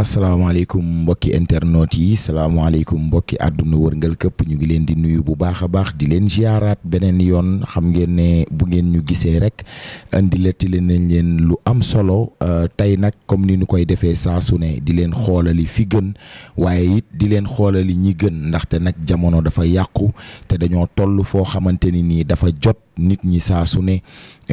asalaamaaleykum mbokki internautes yi salaamaaleykum mbokki àdduna wërngal këpp ñu ngi leen di nuyu bu baax a baax di leen ziaraat beneen yoon xam ngeen ne bu ngeen ñu gisee rek indilati leen nañ leen lu am solo euh, tey nag comme ni ñu koy defee saa su ne di leen xoolali fi gën waaye it di leen xoolali ñi gën ndaxte nag jamono dafa yàqu te dañoo toll foo xamante ni nii dafa jot. nit ñi saa su ne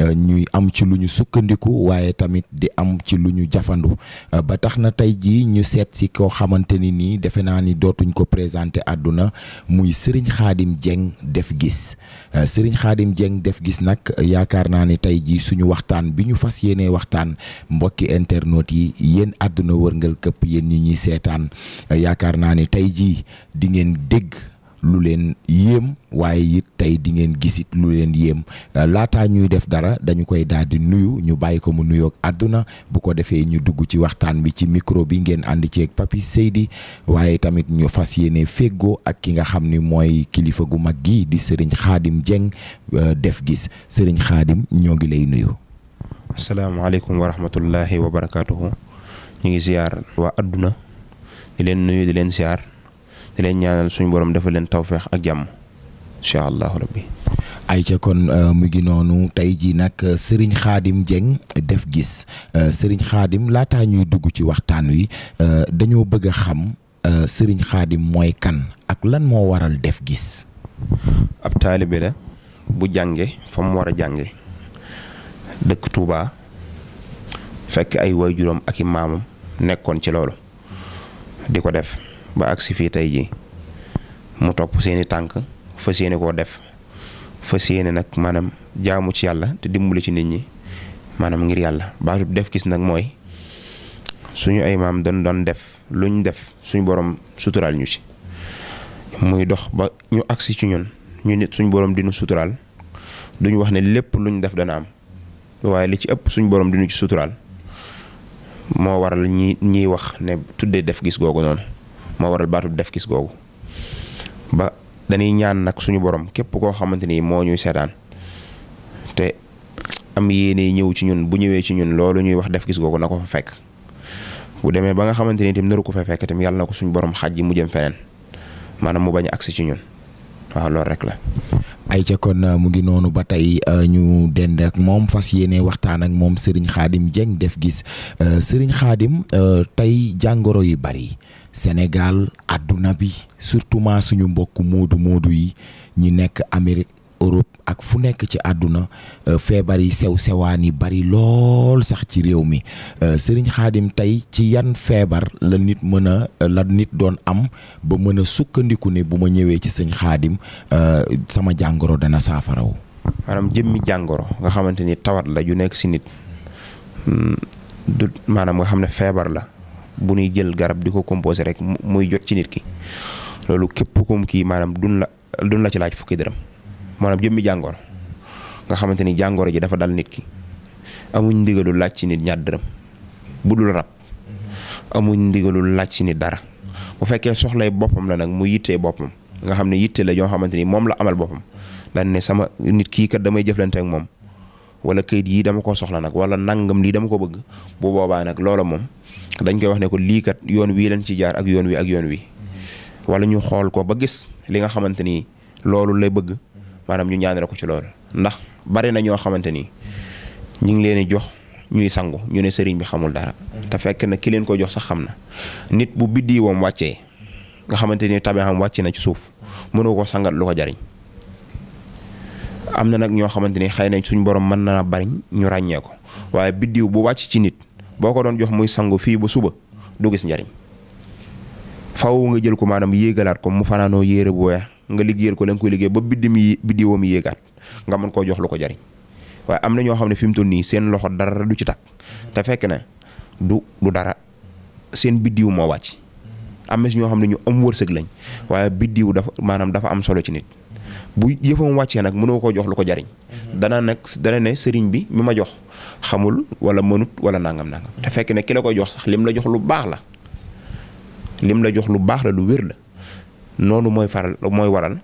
euh, ñuy am ci lu ñu sukkandiku waaye tamit di am ci lu ñu jafandu euh, ba tax na tey jii ñu seet si koo xamante ni nii defe naa ni dootuñ ko présenté àdduna muy sëriñ Khadim Dieng Def gis euh, Serigne Khadim Def Guiss nag yaakaar naa ni tey jii suñu waxtaan bi ñu fas yéenee waxtaan mbokki internautes yi yéen àdduna wërngal këpp yéen ñi ñuy seetaan yaakaar naa ni tey jii di ngeen dégg. lu leen yéem waaye it tey di ngeen gisit lu leen yéem euh, laata ñuy def dara dañu koy daal di nuyu ñu bàyyi ko mu nuyook àdduna bu ko defee ñu dugg ci waxtaan bi ci micro bi ngeen àndi ceeg Papi Seydi waaye tamit ñu fas yéene féggoo ak ki nga xam ni mooy kilifa gu mag gi di Serigne Khadim Dieng euh, def gis Serigne Khadim ñoo ngi lay nuyu. asalaamaaleykum wa rahmatullahi ñu ngi ziar waa àdduna di leen nuyu di leen ziar. di leen ñaanal suñu borom dafa leen tawféex ak jàmm incha allahu rabbi ay ca kon euh, mu ngi noonu tey jii nag euh, sëriñ xaadim Dieng def gis euh, sëriñ xaadim laata ñuy dugg ci waxtaan wi dañoo bëgg a xam sëriñ Khadim mooy kan ak lan moo waral def gis. ab taalibe la bu jànge fa mu war a jànge dëkk Touba fekk ay waajuram ak i maamam nekkoon ci loolu di ko def. ba agsi fii tey jii mu topp seeni tànk fas yéene koo def fas yéene nag maanaam jaamu ci yàlla te dimbali ci nit ñi maanaam ngir yàlla baatu def gis nag mooy suñu ay maam dañ doon def luñ def suñu borom suturaal ñu ci muy dox ba ñu agsi ci ñun ñu nit suñu borom dinu suturaal duñu wax ne lépp luñ def dana am waaye li ci ëpp suñu borom dinu ci suturaal moo waral ñi ñiy wax ne tuddee def gis googu noonu moo waral def gis googu ba dañuy ñaan nag suñu borom képp koo xamante ni moo ñuy seetaan te am yéene ñëw ci ñun bu ñëwee ci ñun loolu ñuy wax def gis googu na fa fekk bu demee ba nga xamante ni itam naru ko fa fekk itam yàlla ko suñu borom yi mu jëm feneen maanaam mu bañ a agsi ci ñun waaw loolu rek la. ay ca kon mu ngi noonu ba tey euh, ñu dend ak moom fas yéene waxtaan ak moom sëriñ Khadim Dieng def gis euh, Serigne Khadim euh, tey jàngoro yu bari Sénégal àdduna bi surtout ma suñu mbokk moodu moodu yi ñi nekk Amérique Europe ak fu nekk ci àdduna euh, feebar yi sew sewaan yi bari lool sax ci réew mi euh, sëriñ xaadim tey ci yan feebar la nit mën a la nit doon am ba mën a sukkandiku ne bu ma ñëwee ci sëñ xaadim euh, sama jàngoro dana saafaraw maanaam jëmmi jàngoro nga xamante ni tawat la ju nekk si nit hmm, du maanaam nga xam ne feebar la bu ñuy jël garab di ko composé rek muy jot ci nit ki loolu képp kum kii maanaam duñ la duñ la ci laaj fukki daram maanaam jëmmi jàngoor nga xamante ni jàngoor ji dafa dal nit ki amuñ ndigalu laaj ci nit ñaar dërëm bu dul rab amuñ ndigalul laaj ci nit dara bu fekkee soxlay boppam la nag mu yittee boppam nga xam ne yitte la yoo xamante ni moom la amal boppam daan ne sama nit kii kat damay jëflante ak moom wala kayit yi dama ko soxla nag wala nangam lii dama ko bëgg bu boobaa nag loola moom dañ koy wax ne ko lii kat yoon wii lañ ci jaar ak yoon wi ak yoon wi wala ñu xool ko ba gis li nga xamante ni loolu lay bëgg maanaam ñu ñaanal ko ci loolu ndax bari na ñoo xamante ni ñu ngi leen di jox ñuy sangu ñu ne sëriñ bi xamul dara. te fekk na ki leen ko jox sax xam na nit bu biddiiwam wàccee nga xamante ni tabe xam wàcce na ci suuf mënoo ko sangat lu ko jariñ am na nag ñoo xamante ni xëy na suñ borom mën naa bariñ ñu ràññee ko waaye biddiw bu wàcc ci nit. boo ko doon jox muy sangu fii ba suba du gis njariñ faw nga jël ko maanaam yéegalaat ko mu fanaanoo yéere bu weex nga liggéeyal ko la ko koy liggéey ba biddim yi biddiwoom yéegaat nga mën koo jox lu ko jariñ waaye am na ñoo xam ne fi mu toll nii seen loxo dara du ci takk te fekk na du du dara seen biddiw moo wàcc am ñoo xam ne ñu am wërsëg lañ waaye biddiw dafa maanaam dafa am solo ci nit bu yëfam wàccee nag mënoo koo jox lu ko jariñ dana nag dana ne sëriñ bi mu ma jox xamul wala mënut wala nangam nangam te fekk ne ki la koy jox sax lim la jox lu baax la lim la jox lu baax la lu wér la noonu mooy faral mooy waral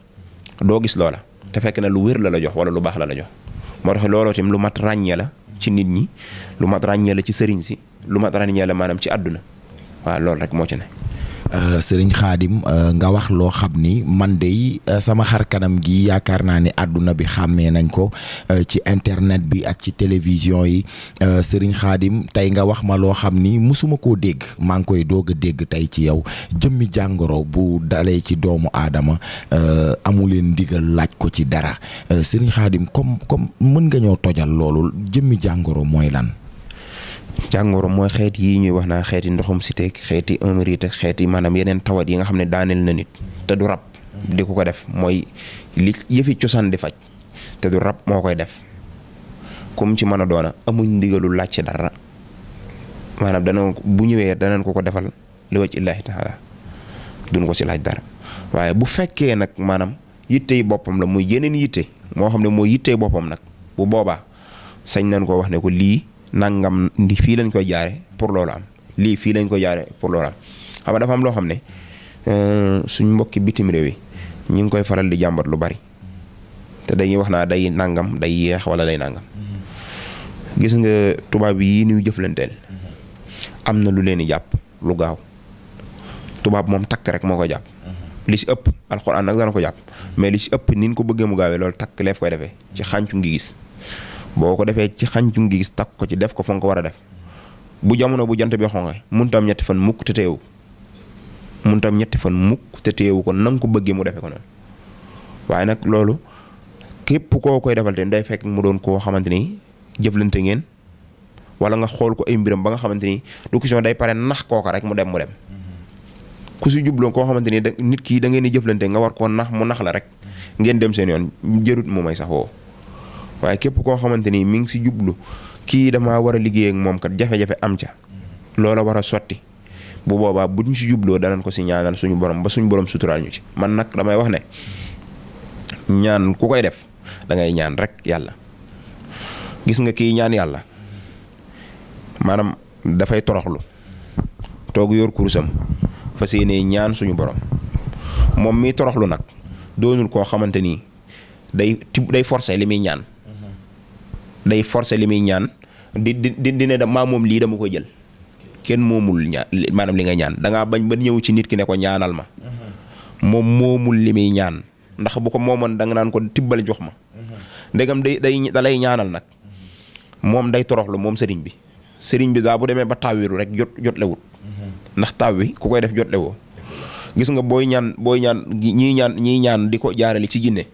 doo gis loola te fekk ne lu wér la la jox wala lu baax la la jox moo tax looloo tamit lu mat ràññee la ci nit ñi lu mat ràññee la ci sëriñ si lu mat ràññee la maanaam ci àdduna waaw loolu rek moo ci ne. Euh, sëriñ xaadim euh, nga wax loo xam ni man de euh, sama xar kanam gi yaakaar naa ni àdduna bi xàmmee nañ ko ci internet bi ak ci télévision yi sëriñ xaadim tey nga wax ma loo xam ni musuma koo dégg maa ngi koy doog a dégg tey ci yow jëmmi jàngoro bu dalee ci doomu aadama amu leen ndigal laaj ko ci dara sëriñ xaadim comme comme mën nga ñoo tojal loolu jëmmi jàngoro mooy lan jàngoro mooy xeet yii ñuy wax naa xeeti ndoxum si teeg xeeti émérite xeeti maanaam yeneen tawat yi nga xam ne daaneel na nit te du rab di ku ko def mooy li yëfi cosaan di faj te du rab moo koy def comme ci mën a doona amuñ ndigalu laaj ci dara maanaam danañ bu ñëwee danañ ko ko defal li wacc illaahi taala duñ ko si laaj dara waaye bu fekkee nag maanaam yittey boppam la muy yeneen yitte moo xam ne mooy yittey boppam nag bu boobaa sañ nañ ko wax ne ko lii nangam fii lañ koy jaare pour loolu am lii fii lañ koy jaare pour loolu am xam nga am loo xam ne euh, suñ mbokki bitim réew yi ñu ngi koy faral di jàmbat lu bari te dañuy wax naa day nangam day yeex wala day nangam gis nga tubaab yi ñuy jëflanteel am na lu leen di jàpp lu gaaw tubaab moom takk rek moo ko jàpp. li ci ëpp alxuraan nag dana ko jàpp mais li ci ëpp ni ñu ko bëggee mu gaawee loolu takk leef koy defee ci xàncu ngi gis. boo ko defee ci xancum gi gis takk ko ci def ko fa nga ko war a def bu jamono bu jant bi xonge mënut am ñetti fan mukk te teewu mënut ñetti fan mukk te teewu ko na ko bëggee mu defee ko noonu waaye nag loolu képp koo koy defal te day fekk mu doon koo xamante ni jëflante ngeen walla nga xool ko ay mbiram ba nga xamante ni du question day pare nax kooka rek mu dem mu dem ku si jubloo koo xamante ni nit kii da ngeen di jëflante nga war koo nax mu nax la rek ngeen dem seen yoon jërut mu may waaye képp koo xamante ni mi ngi si jublu kii damaa war a liggéey ak moom kat jafe-jafe am ca loola war a sotti bu boobaa bu ñu si jubloo danañ ko si ñaanal suñu borom ba suñu borom ci man nag damay wax ne ñaan ku koy def da ñaan rek yàlla gis nga kii ñaan yàlla maanaam dafay toroxlu toog yor kurusam fas yéene ñaan suñu borom moom mi toroxlu nag doonul koo xamante ni day day forcé li muy ñaan. day forcer li muy ñaan di di di di maa moom lii dama ko jël kenn moomul ñaan maanaam li nga ñaan da bañ ba ñëwu ci nit ki ne ko ñaanal ma mm-hmm. moom moomul li muy ñaan ndax bu ko moomoon da nga naan ko tibbal jox ma mm-hmm. ndegam day day da lay ñaanal nag mm-hmm. moom day toroxlu moom sëriñ bi sëriñ bi daa bu demee ba taawiru rek jot jot lewut ndax taaw wi ku koy def jot lewoo gis nga booy ñaan booy ñaan ñii ñaan ñii ñaan di ko jaarale ci jinne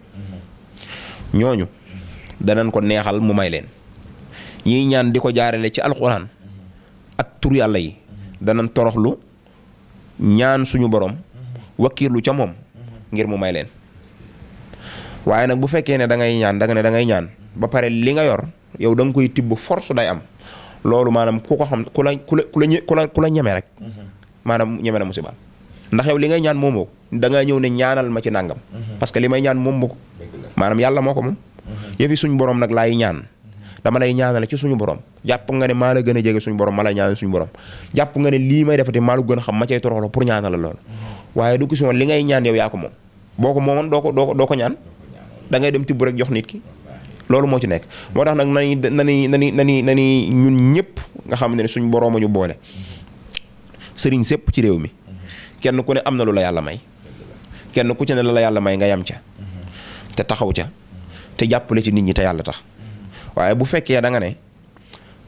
ñooñu danañ ko neexal mu may leen ñiy ñaan di ko jaarale ci alxuraan ak tur yàlla yi danañ toroxlu ñaan suñu borom wakkiirlu ca moom ngir mu may leen waaye nag bu fekkee ne da ngay ñaan da ne dangay ñaan ba pare li nga yor yow da nga koy tibb force day am loolu maanaam ku ko ku la ku la la ku rek maanaam ñeme na musiba ndax yow li ngay ñaan moom da nga ñëw ne ñaanal ma ci nàngam mhm. parce que li may ñaan moom moo ko yàlla moo ko moom yëfi suñu borom nag laay ñaan dama lay ñaanale ci suñu borom jàpp nga ne maa la gën a jege suñu borom ma lay ñaanal suñu borom jàpp nga ne lii may defati maa lu gën a xam ma cay toroxlo pour ñaanal la loolu waaye du question li ngay ñaan yow yaa ko moom boo ko moomoon doo ko doo ko doo ko ñaan da ngay dem tibb rek jox nit ki loolu moo ci nekk moo tax nag nani nani nani nani nani ñun ñëpp nga xam ne suñu borom a ñu boole sëriñ sépp ci réew mi kenn ku ne am na lu la yàlla may kenn ku ci ne la la yàlla may nga yam ca te taxaw ca te jàppale ci nit ñi te yàlla tax waaye bu fekkee da nga ne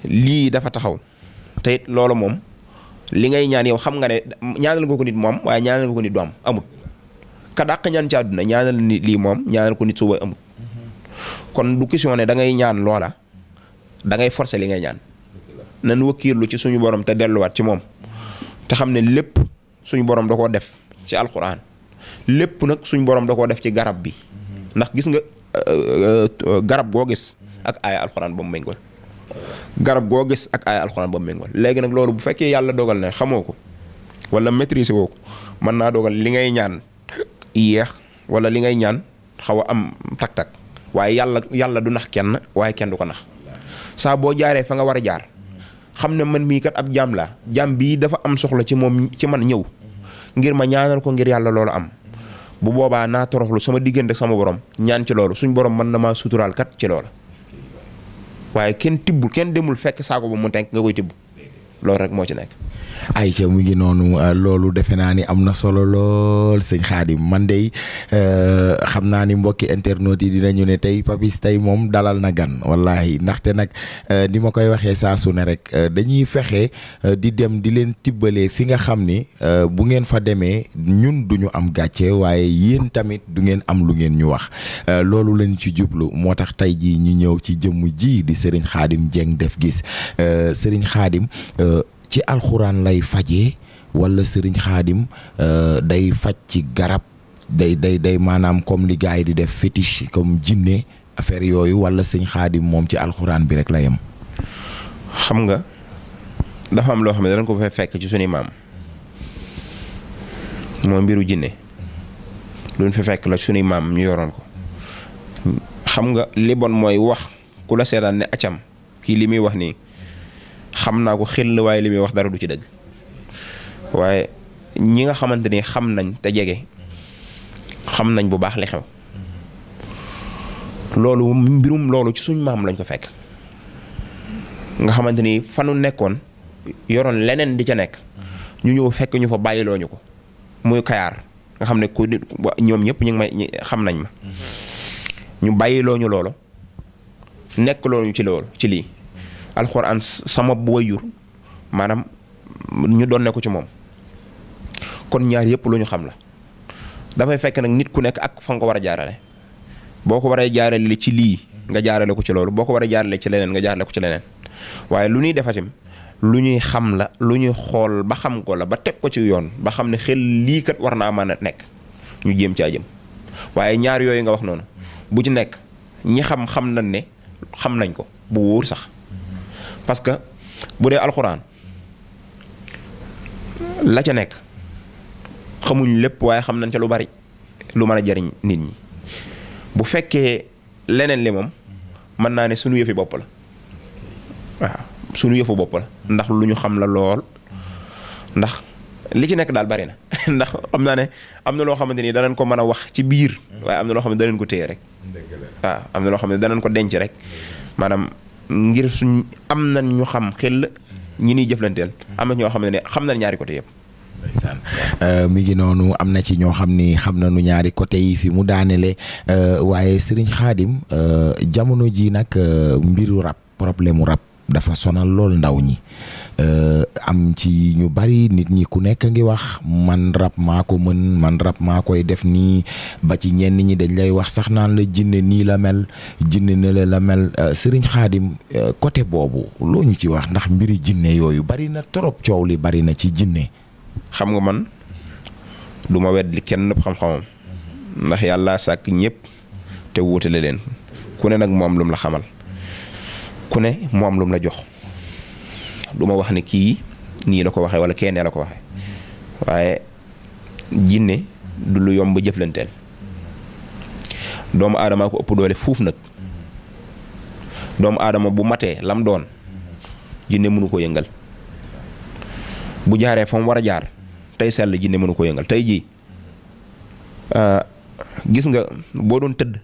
lii dafa taxaw te loolu moom li ngay ñaan yow xam nga ne ñaanal nga ko nit moom waaye ñaanal nga ko nit doom amut ka dàq àdduna ñaanal nit lii moom ñaanal ko nit suba amut kon du question ne da ngay ñaan loola da ngay forcer li ngay ñaan nan wakkiirlu ci suñu boroom te delluwaat ci moom te xam ne lépp suñu boroom da koo def ci alxuraan lépp nag suñu boroom da koo def ci garab bi ndax gis nga Euh, euh, garab goo gis ak aaya alxuraan ba mu méngool garab goo gis ak aaya alxuraan ba mu méngool léegi nag loolu bu fekkee yàlla dogal ne xamoo ko wala maîtriser woo ko mën naa dogal li ngay ñaan yéex wala li ngay ñaan xaw a am tak-tak waaye yàlla yàlla du nax kenn waaye kenn du ko nax saa boo jaaree fa nga war a jaar xam ne man mii kat ab jaam laa jaam bii dafa am soxla ci moom ci man ñëw ngir ma ñaanal ko ngir yàlla loolu am bu boobaa naa toroxlu sama diggante sama borom ñaan ci loolu suñ borom mën na maa suturaal kat ci loola waaye kenn tibbul kenn demul fekk saako bu mu tenk nga koy tibb loolu rek moo ci nekk. ay ca mu ngi noonu euh, loolu defe naa ni am na solo lool sëñ Xaadim man de euh, xam naa ni mbokki internet yi dinañu ne tey Papis tey moom dalal na gan wallahi ndaxte nag euh, ni ma koy waxee saa su ne rek dañuy fexe di dem di leen tibbalee fi nga xam ni bu ngeen fa demee ñun duñu am gàcce waaye yéen tamit du ngeen am lu ngeen ñu wax loolu lañu ci jublu moo tax tey jii ñu ñëw ci jëmm ji di sëriñ Khadim Dieng def gis sëriñ Khadim ci alxuraan lay fajee wala sëriñ xaadim euh, day faj ci garab day day day maanaam comme li yi di def fétiche comme jinne affaire yooyu wala sëñ xaadim moom ci alxuraan bi rek la yem. xam nga dafa am loo xam ne danañ ko fay fekk ci sunuy maam mooy mbiru jinne luñ fa fekk la maam ñu yoroon ko xam nga li bon mooy wax ku la seetaan ne acam kii li muy wax nii xam naa ko xel la waaye li muy wax dara du ci dëgg waaye ñi nga xamante ni xam nañ te jege xam nañ bu baax li xew loolu mbirum loolu ci suñ maam lañ ko fekk nga xamante ni fanu nekkoon yoroon leneen di ca nekk ñu ñëw fekk ñu fa bàyyiloo ko muy kayaar nga xam ne ku ñoom ñëpp ñu ngi may xam nañ ma mm-hmm. ñu bàyyiloo loolu nekk loolu ci loolu ci lii alxuraan sama wayjur maanaam ñu doon ne ko ci moom kon ñaar yëpp lu ñu xam la dafay fekk nag nit ku nekk ak fa ko war a jaarale boo ko waree jaarale ci lii nga jaarale ko ci loolu boo ko waree jaarale ci leneen nga ko ci leneen waaye lu ñuy defatim lu ñuy xam la lu ñuy xool ba xam ko la ba teg ko ci yoon ba xam ne xel lii kat war naa man a nekk ñu jéem ci ajam waaye ñaar yooyu nga wax noonu bu ci nekk ñi xam xam nañ ne xam nañ ko bu wóor sax. parce que bu dee alxuraan la ca nekk xamuñ lépp waaye xam nañ ca lu bari lu mën a jariñ nit ñi bu fekkee leneen li moom mën naa ne sunu yëfi bopp la waaw sunu yëfu bopp la ndax lu ñu xam la lool ndax li ci nekk daal bari na ndax am naa ne am na loo xamante ni danañ ko mën a wax ci biir waaye am na loo xam ne danañ ko téye rek waaw am na loo xam ne danañ ko denc rek maanaam ngir suñ am na ñu xam xel ñi ñuy jëflanteel mm-hmm. am na ñoo xam ne xam nañ ñaari côté yëpp. ndeysaan euh, mi noonu am na ci ñoo xam ni xam nañu ñaari côté yi fi mu daanele euh, waaye Serigne Khadim euh, jamono ji nag mbiru rab problème mu rab dafa sonal lool ndaw ñi. Euh, am ci ñu bari nit ñi ku nekk ngi wax man rab maa ko mën man rab maa koy def nii ba ci ñenn ñi dañ lay wax sax naan la jinne nii la mel jinne ne la la mel euh, sëriñ xaadim euh, côté boobu loo ñu ci wax ndax mbiri jinne yooyu bari na trop coow li bari na ci jinne xam nga man du ma wedd li kenn xam-xamam ndax yàlla sàkk ñëpp te wuutale leen ku ne nag moom lum la xamal ku ne moom lum la jox du ma wax ne kii nii la ko waxee wala kenn la ko waxee waaye jinne du lu yomb jëflanteel doomu aadama ko ëpp doole fuuf nag doomu aadama bu matee lam doon jinne mënu ko yëngal bu jaaree fa war a jaar tey sell jinne mënu koo yëngal tey jii ah, gis nga boo doon tëdd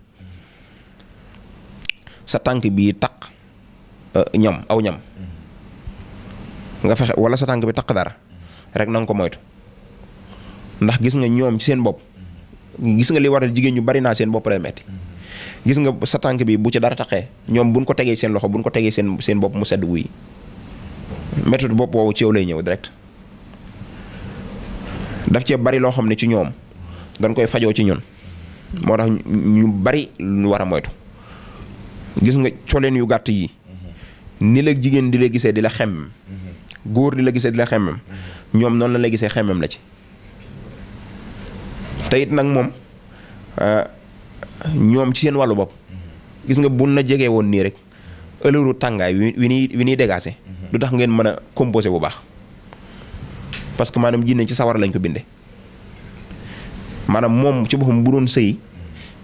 sa tànk bi taq ah, ñam aw ñam nga fexe wala sa tànk bi takk dara rek na ko moytu ndax gis nga ñoom seen bopp gis nga li waral jigéen ñu bari naa seen bopp lay metti gis nga sa tànk bi bu ci dara taqee ñoom buñ ko tegee seen loxo buñ ko tegee seen seen bopp mu sedd wuy méthode bopp woowu ci yow lay ñëw direct daf cee bari loo xam ne ci ñoom dañ koy fajoo ci ñun moo tax ñu bari lu war a moytu gis nga coleen yu gàtt yi ni la jigéen di la gisee di la xem góor di la gisee di la xemmem ñoom noonu la lay gisee xemmem la ci te nag moom euh, ñoom ci seen wàllu bopp gis nga bun na jegee woon nii rek ëllëru tàngaay wi ni wi ñuy dégaase lu tax ngeen mën a composé bu baax parce que maanaam jinne ci sawara lañ ko binde maanaam moom ci boppam bu doon sëy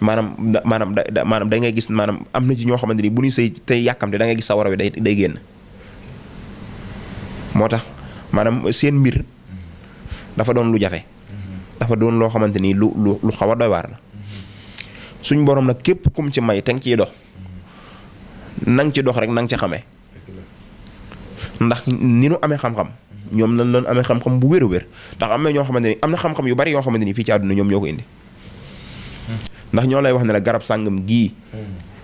maanaam maanaam da maanaam da ngay gis maanaam am na ci ñoo xamante ni bu ñuy sëy tey yàkkamte da ngay gis sawara wi day day génn moo tax maanaam seen mbir dafa doon lu jafe. dafa doon loo xamante ni lu lu lu xaw a doy la suñ boroom nag képp kum ci may te nga dox nang ci dox rek nang ci xamee ndax ni nu amee xam-xam ñoom lañ loon amee xam-xam bu wér a wér ndax am na ñoo xamante ni am na xam-xam yu bari yoo xamante ni fii ci àdduna ñoom ñoo ko indi ndax ñoo lay wax ne la garab sàngam gii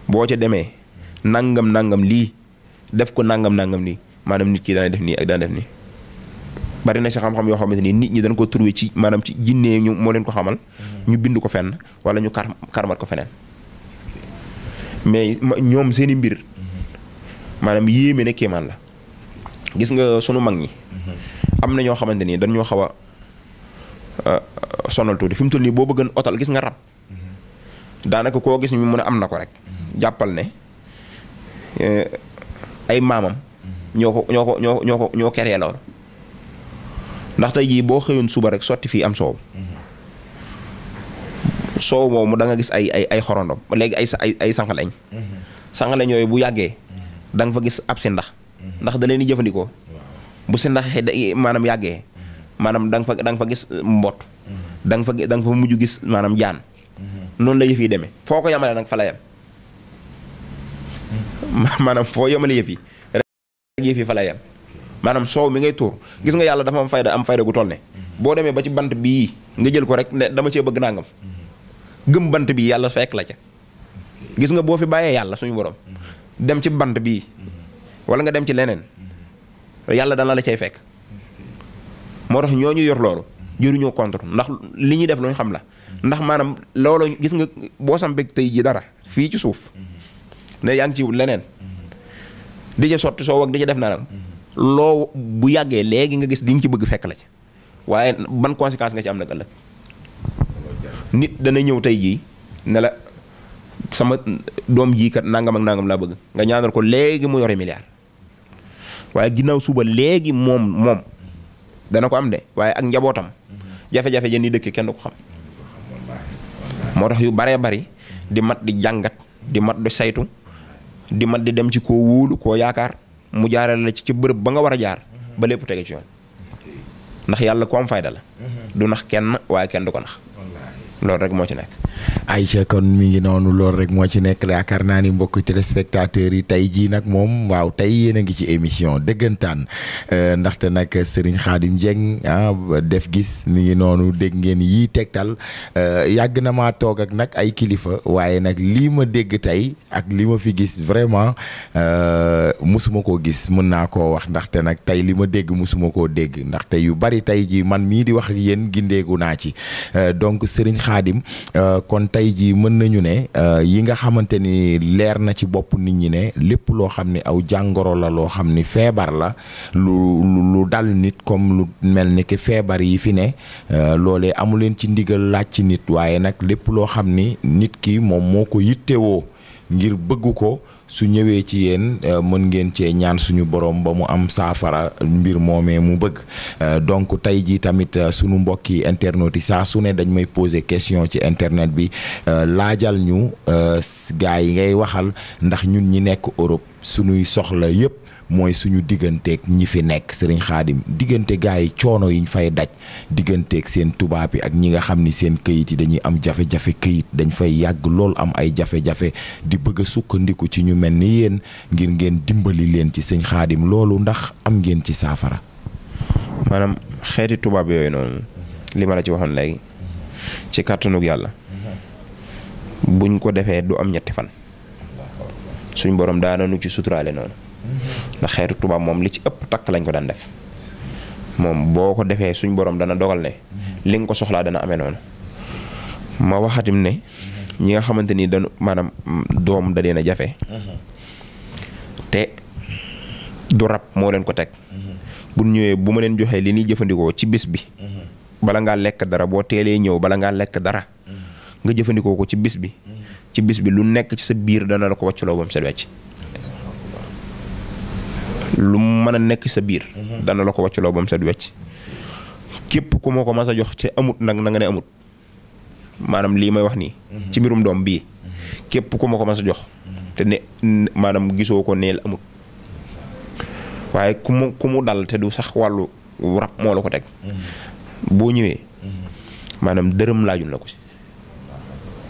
boo ci demee nangam nangam lii def ko nangam nangam lii. maanaam nit ki daan def nii ak daan def nii bari na si xam-xam yoo xamante ni nit ñi dañ ko trouvé ci maanaam ci jinnee ñu moo leen ko xamal. Mm-hmm. ñu bind ko fenn wala ñu kar karmat ko feneen. mais ñoom seeni mbir mm-hmm. maanaam yéeme ne kéemaan la. Mm-hmm. gis nga sunu mag ñi. am na ñoo xamante ni dañoo xaw a euh, sonal tuuti fi mu toll nii boo bëggoon otal gis nga rab. daanaka koo gis ñu mu ne am na ko rek. jàppal ne euh, ay maamam. ñoo ko ñoo ko ñoo ñoo ko ñoo keree lool ndax tey jii boo xëyoon suba rek sotti fii am soow soow moomu danga gis ay ay ay xorondom ba léegi ay ay ay sànqaleñ sànqaleñ yooyu bu yàggee danga fa gis ab si ndax ndax da di jëfandikoo bu si ndax maanaam yàggee maanaam da fa da nga fa gis euh, mbott danga fa da nga mujj gis maanaam jaan noonu la yëf yi demee foo ko yemale da nga fa la maanaam foo yemale yëf yëf yi fa lay yem maanaam soow mi ngay tuur gis nga yàlla dafa am fayda am fayda gu toll ne boo demee ba ci bant bii nga jël ko rek ne dama cee bëgg nangam gëm bant bii yàlla fekk la ca gis nga boo fi bàyyee yàlla suñu borom dem ci bant bii wala nga dem ci leneen yàlla dana la cay fekk moo tax ñoo ñu yor loolu jëruñoo contre ndax li ñuy def lu ñu xam la ndax maanaam loolu gis nga boo sampeg tey ji dara fii ci suuf ne yaa ci leneen di ca sotti soow ak di ca def naanam loo bu yàggee léegi nga gis di nga ci bëgg fekk la ci waaye ban conséquence nga ci am nag ëllëg nit dana ñëw tey jii ne la sama doom jii kat nangam ak nangam laa bëgg nga ñaanal ko léegi mu yore milliard waaye ginnaaw suba léegi moom moom dana ko am de waaye ak njabootam jafe-jafe ja ni dëkk kenn du ko xam moo tax yu baree bari di mat di jàngat di mat di saytu di man di dem ci ko wóolu ko yaakaar mu jaarale la ci ci bërëb ba nga war a jaar ba lépp tege ci yoon ndax yàlla ku am fayda la mhm. du nax kenn waaye kenn du ko nax loolu rek moo ci nekk Aïcha kon mi ngi noonu loolu rek moo ci nekk yaakaar naa ni mbokk téléspectateurs yi tey jii nag moom waaw tey yéen a ngi ci émission dëggantaan euh, ndaxte nag Serigne Khadim Dieng ah, def gis mi ngi noonu dégg ngeen yii tegtal euh, yàgg na maa toog ak nag ay kilifa waaye nag lii ma dégg tey ak li ma fi gis vraiment euh, musuma koo gis mën naa ko wax ndaxte nag tey li ma dégg musuma koo dégg ndaxte yu bari tey jii man mii di wax ak yéen gindeegu naa ci donc Serigne xaadim kon tey jii mën nañu ne euh, yi nga xamante ni leer na ci bopp nit ñi ne lépp loo xam ni aw jàngoro la loo xam ni feebar la lu lu dal nit comme lu mel ni ki feebar yi fi ne euh, loole amu leen ci ndigal laaj ci nit waaye nag lépp loo xam ni nit ki moom moo ko yittewoo ngir bëgg ko su ñëwee ci yéen euh, mën ngeen cee ñaan suñu borom ba mu am saafara mbir moomee mu bëgg euh, donc tey jii tamit euh, suñu mbokki internautes yi saa su ne dañ may poser question ci internet bi laajal ñu gaa yi ngay waxal ndax ñun ñi nekk Europe sunuy soxla yëpp mooy suñu digganteeg ñi fi nekk sëriñ xaadim diggante gaa yi coono yi ñu fay daj digganteeg seen tubaab yi ak ñi nga xam ni seen këyit yi dañuy am jafe-jafe këyit dañ fay yàgg lool am ay jafe-jafe di bëgg a sukkandiku ci ñu mel ni yéen ngir ngeen dimbali leen ci sëñ xaadim loolu ndax am ngeen ci saafara. maanaam xeeti tubaab yooyu noonu li la ci waxoon léegi ci kàttanug yàlla buñ ko defee du am ñetti fan. suñ borom daana nu ci suturaale noonu ndax xeetu tubaab moom li ci ëpp takk lañ ko daan def moom boo ko defee suñ borom dana dogal ne li nga ko soxlaa dana amee noonu ma waxatim ne ñi nga xamante ni dañu maanaam doom da leen a jafe te du rab moo leen ko teg bu ñëwee bu ma leen joxee li ñuy jëfandikoo ci bis bi bala ngaa lekk dara boo teelee ñëw bala ngaa lekk dara nga jëfandikoo ko ci bis bi ci bis bi lu nekk ci sa biir dana la ko wàcculoo ba mu set wecc lu mën a nekk sa biir. dana la ko wàcculoo ba mu set wecc képp ku ma ko mas a jox te amut na nga ne amut maanaam lii may wax nii. ci mbirum doom bii. képp ku ma ko mas jox. te ne maanaam gisoo ko neel amut waaye ku mu ku mu dal te du sax wàllu rab moo la ko teg. boo ñëwee. maanaam dërëm laajul la ko ci.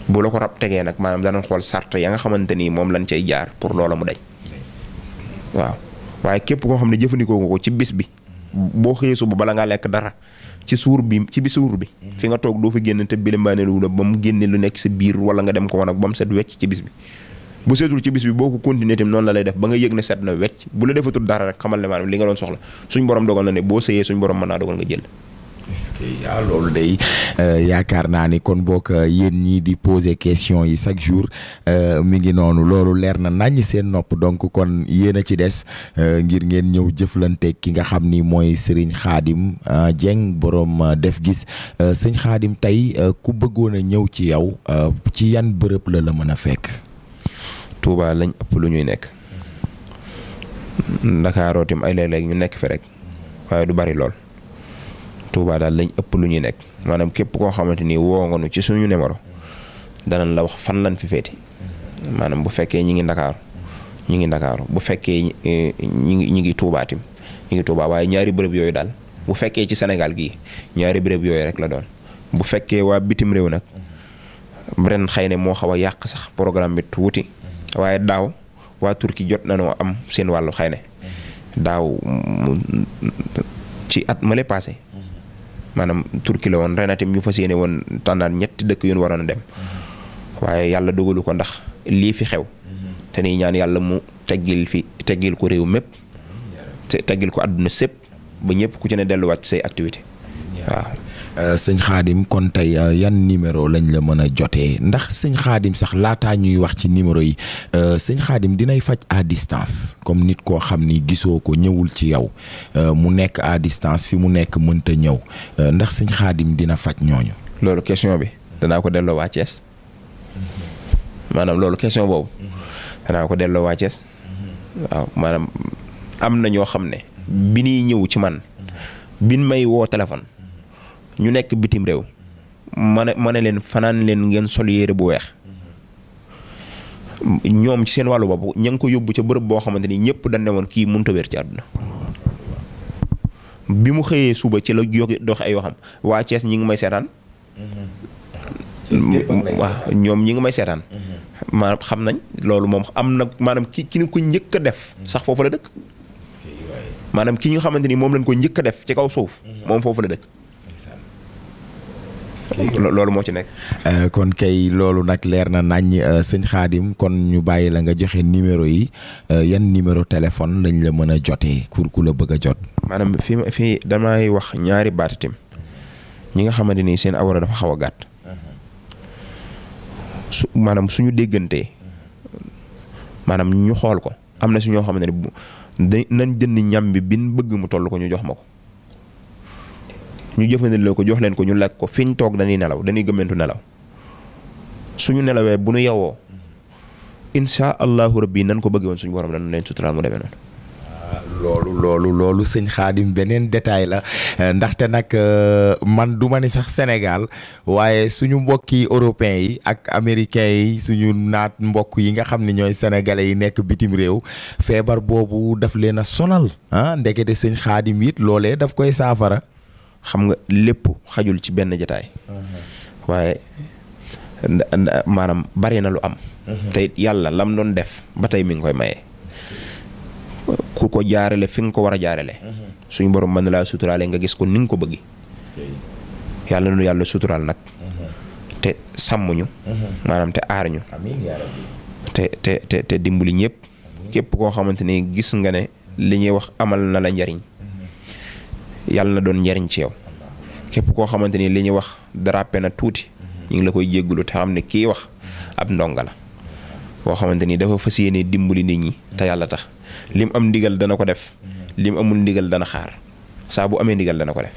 bu la ko rab tegee nag maanaam danañ xool sart ya nga xamante ni moom lañ cay jaar pour loola mu dañ waaw waaye képp koo xam ne jëfandikoo ko ci bis bi boo xëyee suba bala ngaa lekk dara ci suur bi bi suur bi fi nga toog doo fi génn te bilimbaane lu la ba mu génne lu nekk sa biir wala nga dem ko woon ak ba mu set wecc ci bis bi bu seetul ci bis bi boo ko continuer tam noonu la lay def ba nga yëg ne set na wecc bu la defatul dara rek xamal ne maanaam li nga doon soxla suñ borom dogal na ne boo sëyee suñ borom mën naa dogal nga jël est-ce loolu day euh, yaakaar naa ni kon bokk euh, yéen ñii di poser question yi chaque jour euh, mi ngi noonu loolu leer na nañ seen nopp donc kon yéen a ci des ngir ngeen ñëw jëflante ki nga xam ni mooy sëriñ xaadim Dieng boroom def gis sëñ Khadim tey ku bëggoon a ñëw ci yow ci yan bërëb la la mën a fekk. Touba lañ ëpp lu ñuy nekk. Ndakaaroo tam ay léeg-léeg ñu nekk fi rek waaye du bari lool. tuubaa daal lañ ëpp lu ñuy nekk maanaam képp koo xamante ni woo nga nu ci suñu numéro danañ la wax fan lañ fi féeti maanaam bu fekkee ñi ngi ndakaaru ñi ngi ndakaaru bu fekkee ñi eh, ngi ñi ngi tuubaatim ñi ngi tuubaa waaye ñaari bërëb yooyu daal bu fekkee ci Sénégal gii ñaari bërëb yooyu rek la doon bu fekkee waa bitim réew nag ren xëy ne moo xaw a yàq sax programme bi tuuti waaye daaw waa Turki jot nañoo am seen wàllu xëy ne daaw mm, ci at male passé maanaam turki woon ren itam ñu fas yéene woon tànnaan ñetti dëkk yu ñu waroon dem waaye yàlla dogalu ko ndax lii fi xew te nii ñaan yàlla mu teggil fi teggil ko réew mépp te teggil ko àdduna sépp ba ñëpp ku ci ne delluwaat say activité waaw Euh, sëñ xaadim kon tey euh, yan numéro lañ la mën a jotee ndax sëñ xaadim sax laataa ñuy wax ci numéro yi euh, sëñ xaadim dinay faj à distance comme nit koo xam ni gisoo ko ñëwul ci yow mu nekk à distance fi mu nekk mënta ñëw ndax sëñ xaadim dina faj ñooñu. loolu question bi danaa ko delloo waa maanaam loolu question boobu danaa ko delloo waa Thiès waaw maanaam am na ñoo xam ne bi ñuy ñëw ci man bin may woo téléphone ñu nekk bitim réew ma ne ma ne leen fanaan leen ngeen sol yére bu weex ñoom ci seen wàllu bopp ña ngi ko yóbbu ca bërëb boo xamante ni ñëpp dañ woon kii mënut a ci àdduna bi mu xëyee suba ci la yokk dox ay waxam waa Cees ñi ngi may seetaan. waaw ñoom ñi ngi may seetaan. Mm-hmm. maanaam xam nañ loolu moom am na maanaam ki ki ñu ko njëkk a def. Mm-hmm. sax foofu la dëkk. maanaam ki ñu xamante ni moom lañ ko njëkk a def ci kaw suuf. Mm-hmm. moom foofu la dëkk. loolu moo ci nekk. Euh, kon kay loolu nag leer na nañ euh, sëñ Xaadim kon ñu bàyyi la nga joxe numéro yi euh, yan numéro téléphone lañ la mën a jotee pour ku la bëgg a jot. maanaam fii ma fii damay wax ñaari baat ñi nga xamante ni seen awra dafa xaw a gàtt. Uh-huh. su maanaam suñu déggantee maanaam ñu xool ko am na si ñoo xam ne dañ nañ jënd ñam bi bin bëgg mu toll ko ñu jox ma ko. ñu jëfandikoo ko jox leen ko ñu lekk ko fi ñu toog dañuy nelaw dañuy gëmmentu nelaw suñu nelawee bu nu yewoo incha allahu rabbi nan ko bëggee woon suñu borom la leen suturaal mu demee noonu. loolu loolu sëñ xaadim beneen détail la ndaxte nag euh, man du ma ni sax Sénégal waaye suñu mbokki européens yi ak américains yi suñu naat mbokk yi nga xam ne ñooy sénégalais yi nekk bitim réew feebar boobu daf leen a sonal ah ndekete sëñ xaadim it loole daf koy saafara. xam nga lépp xajul ci benn jataay uh-huh. waaye maanaam bari na lu am uh-huh. te yàlla lam doon def ba tey mi ngi koy maye ku ko jaarale fi nga ko war a jaarale uh-huh. suñu borom mën na laa suturaale nga gis ko ni nga ko bëggi yàlla nu yàlla suturaal nag te sàmm ñu maanaam te aar ñu te te te te dimbali ñëpp képp koo xamante ni gis nga ne li ñuy wax amal na la njariñ yàlla na doon njariñ ci yow képp koo xamante ni li ñuy wax dara darape na tuuti ñu ngi la koy jéggulu te xam ne kii wax ab ndonga la koo xamante ni dafa fas yéene dimbali nit ñi te yàlla tax lim am ndigal dana ko def lim amul ndigal dana xaar saa bu amee ndigal dana ko def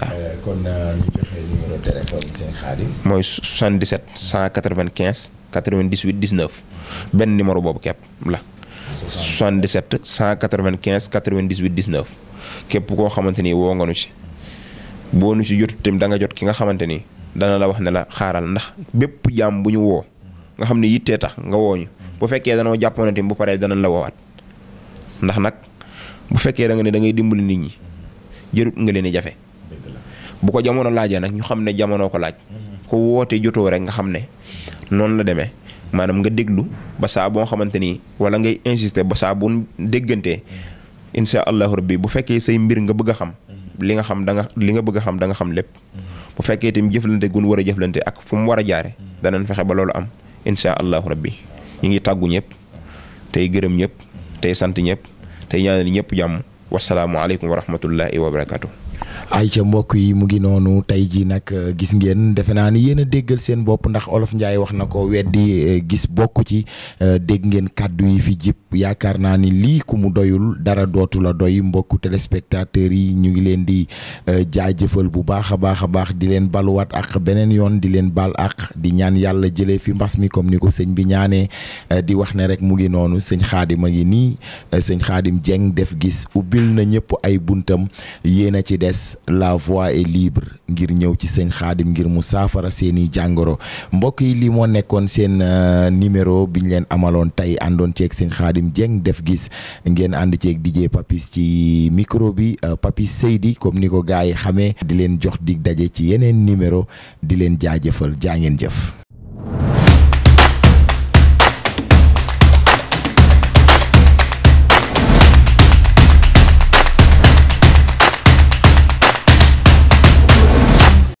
waaw. Euh, kon euh, ñu joxe numéro téléphone seen xaadim mooy 77 195 98 19 benn numéro boobu képp la. 77 195 98 19. képp koo xamante ni woo nga nu si boo nu si jot tamit da nga jot ki nga xamante ni dana la wax ne la xaaral ndax bépp jaam bu ñu woo nga xam ne yittee tax nga woo ñu bu fekkee danoo jàppoon tamit bu paree danañ la woowaat ndax nag bu fekkee da nga ne da ngay dimbali nit ñi jërut nga leen di jafe bu ko jamono laajee nag ñu xam ne jamono ko laaj ko woote jotoo rek nga xam ne noonu la demee maanaam nga déglu ba boo xamante ni wala ngay insister ba saa bu déggantee incha allahu rabbi bu fekkee say mbir nga bëgg a xam mm-hmm. li nga xam danga li nga bëgg a xam danga xam lépp mm-hmm. bu fekkee itam jëflante gun war a jëflante ak fu mu war a jaare mm-hmm. danañ fexe ba loolu am incha allahu rabbi ñu ngi tàggu ñëpp tey gërëm ñëpp tey sant ñëpp tey ñaanal ñëpp jàmm wasalaamu aleykum wa rahmatullahi wa barakatu ay ca mbokk yi mu ngi noonu tey jii nag euh, gis ngeen defe naa ni yéen a déggal seen bopp ndax olof Ndiaye wax na ko weddi euh, gis bokk ci euh, dégg ngeen kàddu yi fi jip yaakaar naa ni lii ku mu doyul dara dootu la doy mbokku téléspectateurs yi ñu ngi leen di jaajëfal bu baax a baax a baax di leen baluwaat ak beneen yoon di leen bal ak di ñaan yàlla jëlee fi mbas mi comme ni ko sëñ bi ñaanee di wax ne rek mu ngi noonu sëñ xaadim a ngi nii sëñ xaadim Dieng def gis ubbil na ñëpp ay buntam yéen a ci des. Thiès la voie est libre ngir ñëw ci seen xaadim ngir mu saafara seeni jàngoro mbokk yi lii moo nekkoon seen euh, numéro bi ñu leen amaloon tey àndoon ceeg sëñ xaadim Dieng def gis ngeen ànd ceeg dije Papis ci micro bi euh, Papis Seydi comme ni ko gars yi xamee di leen jox dig daje ci yeneen numéro di leen jaajëfal jaa ngeen jëf.